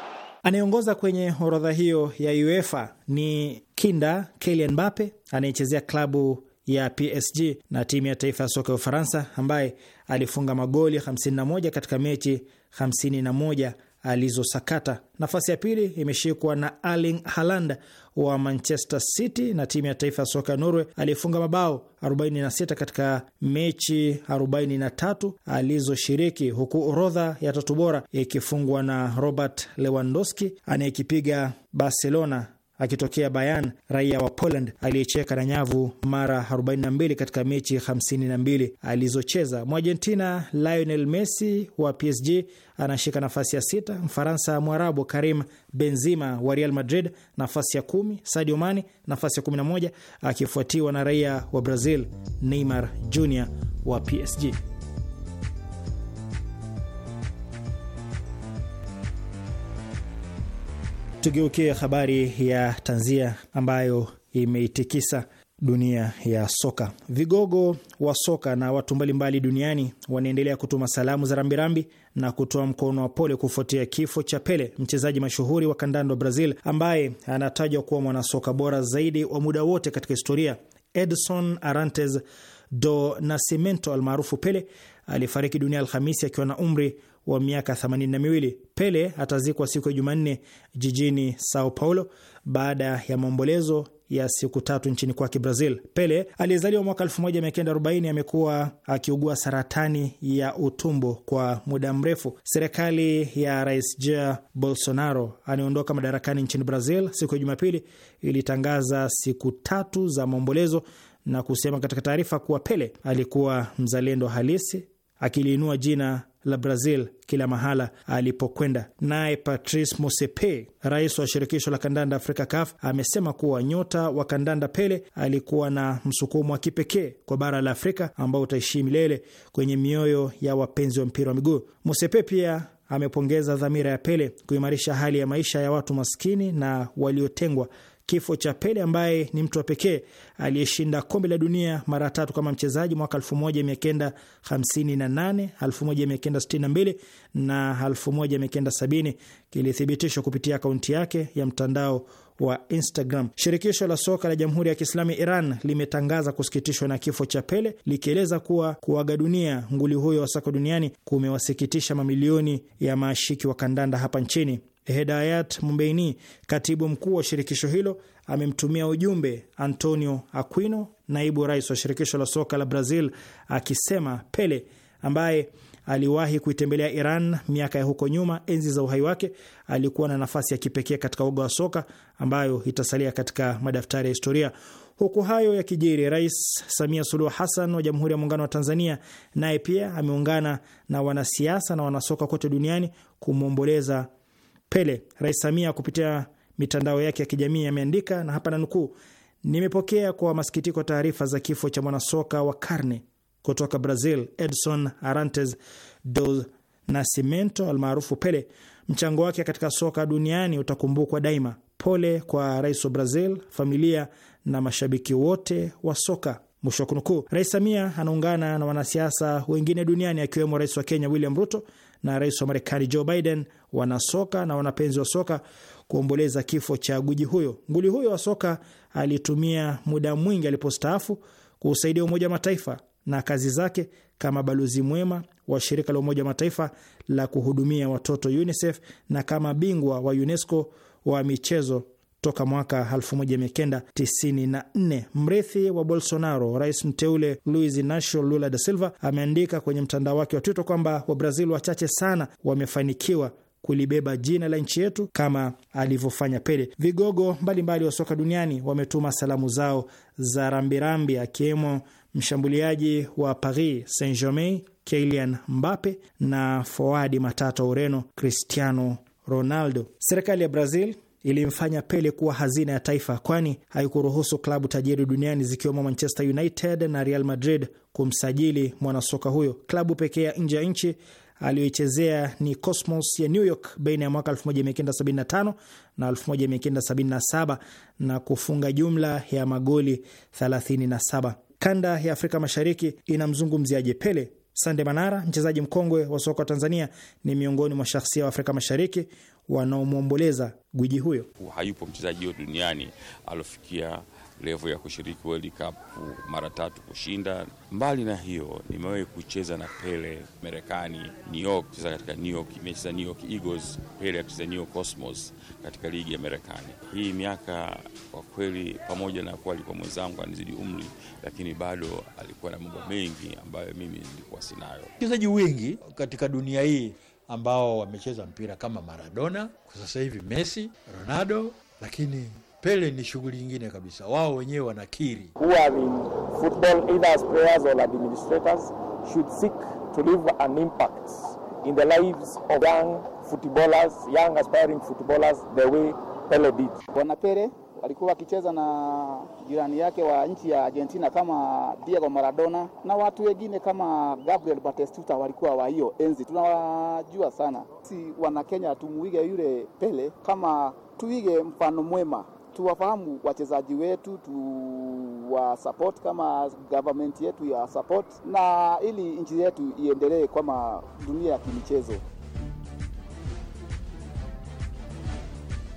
Anayeongoza kwenye orodha hiyo ya UEFA ni kinda Kylian Mbappe anayechezea klabu ya PSG na timu ya taifa ya soka ya Ufaransa ambaye alifunga magoli 51 katika mechi 51 alizosakata. Nafasi ya pili imeshikwa na Erling Haaland wa Manchester City na timu ya taifa ya soka ya Norway aliyefunga mabao 46 katika mechi 43 alizoshiriki, huku orodha ya tatu bora ikifungwa na Robert Lewandowski anayekipiga Barcelona akitokea Bayan, raia wa Poland aliyecheka na nyavu mara 42 katika mechi 52 alizocheza. Mwargentina Lionel Messi wa PSG anashika nafasi ya sita, Mfaransa mwarabu Karim Benzima wa Real Madrid nafasi ya kumi, Sadio Mane nafasi ya 11 akifuatiwa na raia wa Brazil Neymar Jr wa PSG. Tugeukie habari ya tanzia ambayo imeitikisa dunia ya soka. Vigogo wa soka na watu mbalimbali duniani wanaendelea kutuma salamu za rambirambi na kutoa mkono wa pole kufuatia kifo cha Pele, mchezaji mashuhuri wa kandanda wa Brazil ambaye anatajwa kuwa mwanasoka bora zaidi wa muda wote katika historia. Edson Arantes do Nascimento almaarufu Pele alifariki dunia Alhamisi akiwa na umri wa miaka 82. Pele atazikwa siku ya Jumanne jijini Sao Paulo baada ya maombolezo ya siku tatu nchini kwake Brazil. Pele aliyezaliwa mwaka 1940 amekuwa akiugua saratani ya utumbo kwa muda mrefu. Serikali ya Rais Jair Bolsonaro anayeondoka madarakani nchini Brazil siku ya Jumapili ilitangaza siku tatu za maombolezo na kusema katika taarifa kuwa Pele alikuwa mzalendo halisi, akiliinua jina la Brazil kila mahala alipokwenda. Naye Patrice Motsepe, rais wa shirikisho la kandanda Afrika CAF, amesema kuwa nyota wa kandanda Pele alikuwa na msukumo wa kipekee kwa bara la Afrika ambao utaishi milele kwenye mioyo ya wapenzi wa mpira wa miguu. Motsepe pia amepongeza dhamira ya Pele kuimarisha hali ya maisha ya watu maskini na waliotengwa kifo cha Pele ambaye ni mtu wa pekee aliyeshinda kombe la dunia mara tatu kama mchezaji mwaka 1958, 1962 na 1970, kilithibitishwa kupitia akaunti yake ya mtandao wa Instagram. Shirikisho la soka la Jamhuri ya Kiislamu Iran limetangaza kusikitishwa na kifo cha Pele likieleza kuwa kuaga dunia nguli huyo wa soka duniani kumewasikitisha mamilioni ya maashiki wa kandanda hapa nchini. Hedayat Mumbeini, katibu mkuu wa shirikisho hilo, amemtumia ujumbe Antonio Aquino, naibu rais wa shirikisho la soka la Brazil, akisema Pele ambaye aliwahi kuitembelea Iran miaka ya huko nyuma, enzi za uhai wake, alikuwa na nafasi ya kipekee katika uga wa soka ambayo itasalia katika madaftari ya historia. Huku hayo ya kijiri, Rais Samia Suluhu Hassan wa Jamhuri ya Muungano wa Tanzania naye pia ameungana na wanasiasa na wanasoka kote duniani kumwomboleza Pele. Rais Samia kupitia mitandao yake ya kijamii ameandika, na hapa nanukuu, nimepokea kwa masikitiko taarifa za kifo cha mwanasoka wa karne kutoka Brazil Edson Arantes do Nascimento almaarufu Pele. Mchango wake katika soka duniani utakumbukwa daima. Pole kwa rais wa Brazil, familia na mashabiki wote wa soka. Mwisho wa kunukuu. Rais Samia anaungana na wanasiasa wengine duniani akiwemo rais wa Kenya William Ruto na rais wa Marekani Joe Biden wanasoka na wanapenzi wa soka kuomboleza kifo cha guji huyo. Nguli huyo wa soka alitumia muda mwingi alipostaafu kuusaidia Umoja wa Mataifa na kazi zake kama balozi mwema wa shirika la Umoja wa Mataifa la kuhudumia watoto UNICEF na kama bingwa wa UNESCO wa michezo toka mwaka 1994. Mrithi wa Bolsonaro, rais mteule luis Inacio Lula da Silva, ameandika kwenye mtandao wake wa Twitter kwamba Wabrazil wachache sana wamefanikiwa kulibeba jina la nchi yetu kama alivyofanya Pele. Vigogo mbalimbali mbali wa soka duniani wametuma salamu zao za rambirambi, akiwemo mshambuliaji wa Paris Saint Germain Kylian Mbappe na foadi matata wa Ureno Cristiano Ronaldo. Serikali ya Brazil ilimfanya Pele kuwa hazina ya taifa, kwani haikuruhusu klabu tajiri duniani zikiwemo Manchester United na Real Madrid kumsajili mwanasoka huyo. Klabu pekee ya nje ya nchi aliyoichezea ni Cosmos ya New York baina ya mwaka 1975 na 1977 na kufunga jumla ya magoli 37. Kanda ya Afrika Mashariki inamzungumziaje Pele? Sande Manara, mchezaji mkongwe wa soka wa Tanzania, ni miongoni mwa shahsia wa Afrika Mashariki wanaomwomboleza gwiji huyo. Hayupo mchezaji huyo duniani alofikia levo ya kushiriki World Cup mara tatu kushinda. Mbali na hiyo, nimewahi kucheza na Pele Marekani, New York, kucheza katika New York, imecheza New York Eagles, Pele akicheza New York Cosmos katika ligi ya Marekani. Hii miaka kwa kweli, pamoja na kuwa alikuwa mwenzangu anizidi umri, lakini bado alikuwa na mambo mengi ambayo mimi nilikuwa sinayo. Wachezaji wengi katika dunia hii ambao wamecheza mpira kama Maradona, kwa sasa hivi Messi, Ronaldo, lakini Pele ni shughuli nyingine kabisa, wao wenyewe wanakiri football either as players or administrators should seek to leave an impact in the lives of young footballers, young aspiring footballers the way Pele did. Bwana Pele walikuwa wakicheza na jirani yake wa nchi ya Argentina kama Diego Maradona na watu wengine kama Gabriel Batistuta walikuwa wa hiyo enzi, tunawajua sana. Si wana Kenya tumuige yule Pele kama tuige mfano mwema tuwafahamu wachezaji wetu, support kama government yetu ya support, na ili nchi yetu iendelee kama dunia ya kimichezo.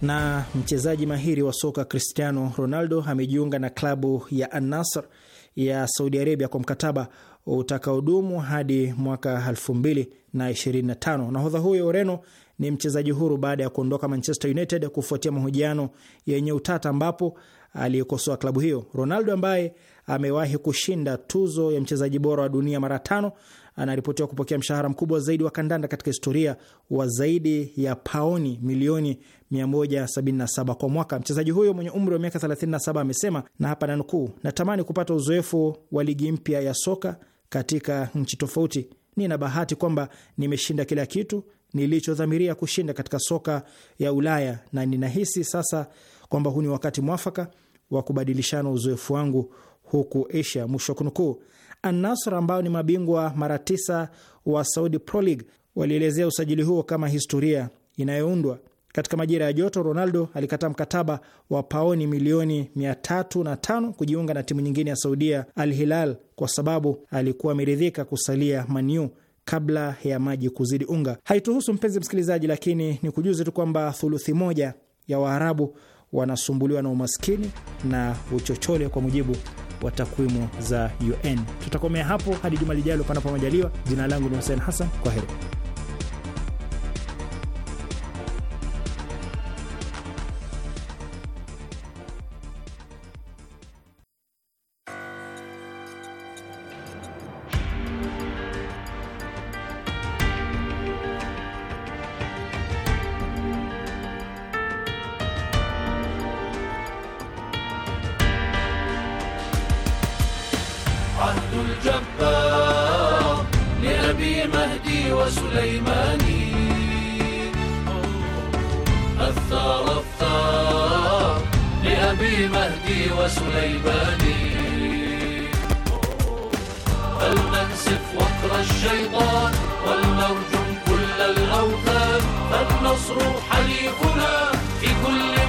Na mchezaji mahiri wa soka Cristiano Ronaldo amejiunga na klabu ya Al-Nassr ya Saudi Arabia kwa mkataba utakaodumu hadi mwaka 2025. Nahodha huyo Ureno ni mchezaji huru baada ya kuondoka Manchester United kufuatia mahojiano yenye utata ambapo aliyekosoa klabu hiyo. Ronaldo ambaye amewahi kushinda tuzo ya mchezaji bora wa dunia mara tano anaripotiwa kupokea mshahara mkubwa zaidi wa kandanda katika historia wa zaidi ya paoni milioni 177 kwa mwaka. Mchezaji huyo mwenye umri wa miaka 37 amesema, na hapa nanukuu, natamani kupata uzoefu wa ligi mpya ya soka katika nchi tofauti. Nina bahati kwamba nimeshinda kila kitu nilichodhamiria kushinda katika soka ya Ulaya, na ninahisi sasa kwamba huu ni wakati mwafaka wa kubadilishana uzoefu wangu huku Asia. Mwisho wa kunukuu. Anasr ambao ni mabingwa mara tisa wa Saudi Pro League walielezea usajili huo kama historia inayoundwa. Katika majira ya joto, Ronaldo alikataa mkataba wa paoni milioni 305 kujiunga na timu nyingine ya Saudia, Al Hilal, kwa sababu alikuwa ameridhika kusalia Maniu kabla ya maji kuzidi unga. Haituhusu mpenzi msikilizaji, lakini ni kujuze tu kwamba thuluthi moja ya Waarabu wanasumbuliwa na umaskini na uchochole kwa mujibu wa takwimu za UN. Tutakomea hapo hadi juma lijalo, panapo majaliwa. Jina langu ni Hussein Hassan, kwa heri. عثر الثار لأبي مهدي وسليماني فلننسف وكر الشيطان ولنرجم كل الأوثان فالنصر حليفنا في كل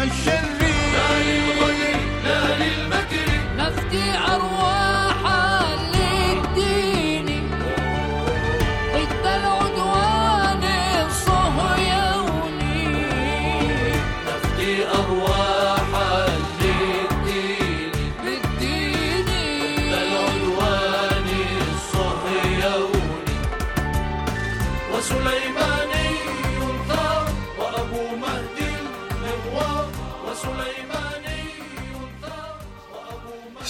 Cause she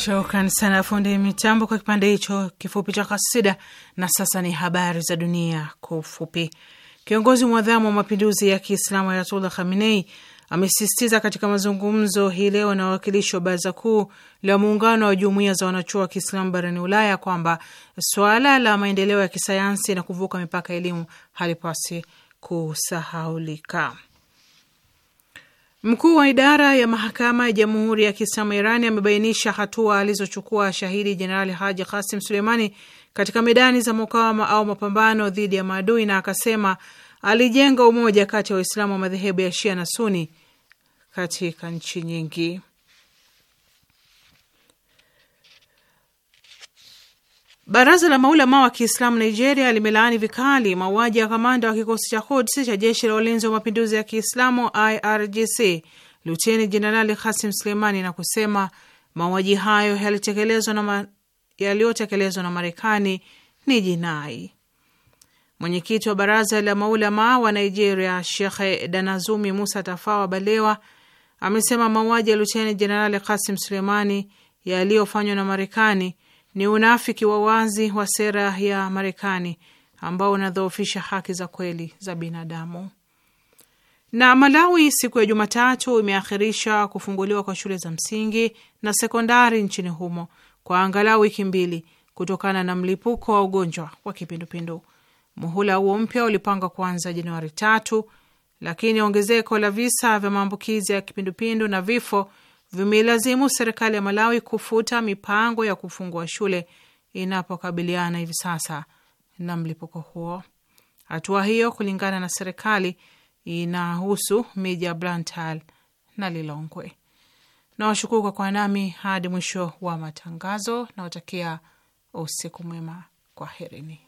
Shukran sana fundi mitambo kwa kipande hicho kifupi cha kasida. Na sasa ni habari za dunia kwa ufupi. Kiongozi mwadhamu wa mapinduzi ya Kiislamu Ayatullah Khamenei amesisitiza katika mazungumzo hii leo na wawakilishi wa baraza kuu la muungano wa jumuiya za wanachuo wa Kiislamu barani Ulaya kwamba swala la maendeleo ya kisayansi na kuvuka mipaka ya elimu halipasi kusahaulika. Mkuu wa idara ya mahakama ya Jamhuri ya Kiislamu Irani amebainisha hatua alizochukua shahidi Jenerali Haji Kasim Suleimani katika medani za mukawama au mapambano dhidi ya maadui, na akasema alijenga umoja kati ya Waislamu wa madhehebu ya Shia na Suni katika nchi nyingi. Baraza la maulama wa Kiislamu Nigeria limelaani vikali mauaji ya kamanda wa kikosi cha Quds cha jeshi la ulinzi wa mapinduzi ya Kiislamu IRGC Luteni Jenerali Kasim Suleimani na kusema mauaji hayo yalitekelezwa na ma... yaliyotekelezwa na Marekani ni jinai. Mwenyekiti wa baraza la maulama wa Nigeria Shekhe Danazumi Musa Tafawa Balewa amesema mauaji ya Luteni Jenerali Kasim Suleimani yaliyofanywa na Marekani ni unafiki wa wazi wa sera ya Marekani ambao unadhoofisha haki za kweli za binadamu. Na Malawi siku ya Jumatatu imeakhirisha kufunguliwa kwa shule za msingi na sekondari nchini humo kwa angalau wiki mbili kutokana na mlipuko wa ugonjwa wa kipindupindu. Muhula huo mpya ulipangwa kuanza Januari tatu, lakini ongezeko la visa vya maambukizi ya kipindupindu na vifo vimelazimu serikali ya Malawi kufuta mipango ya kufungua shule inapokabiliana hivi sasa na mlipuko huo. Hatua hiyo kulingana na serikali inahusu miji ya Blantyre na Lilongwe. Nawashukuru kwa kuwa nami hadi mwisho wa matangazo. Nawatakia usiku mwema, kwaherini.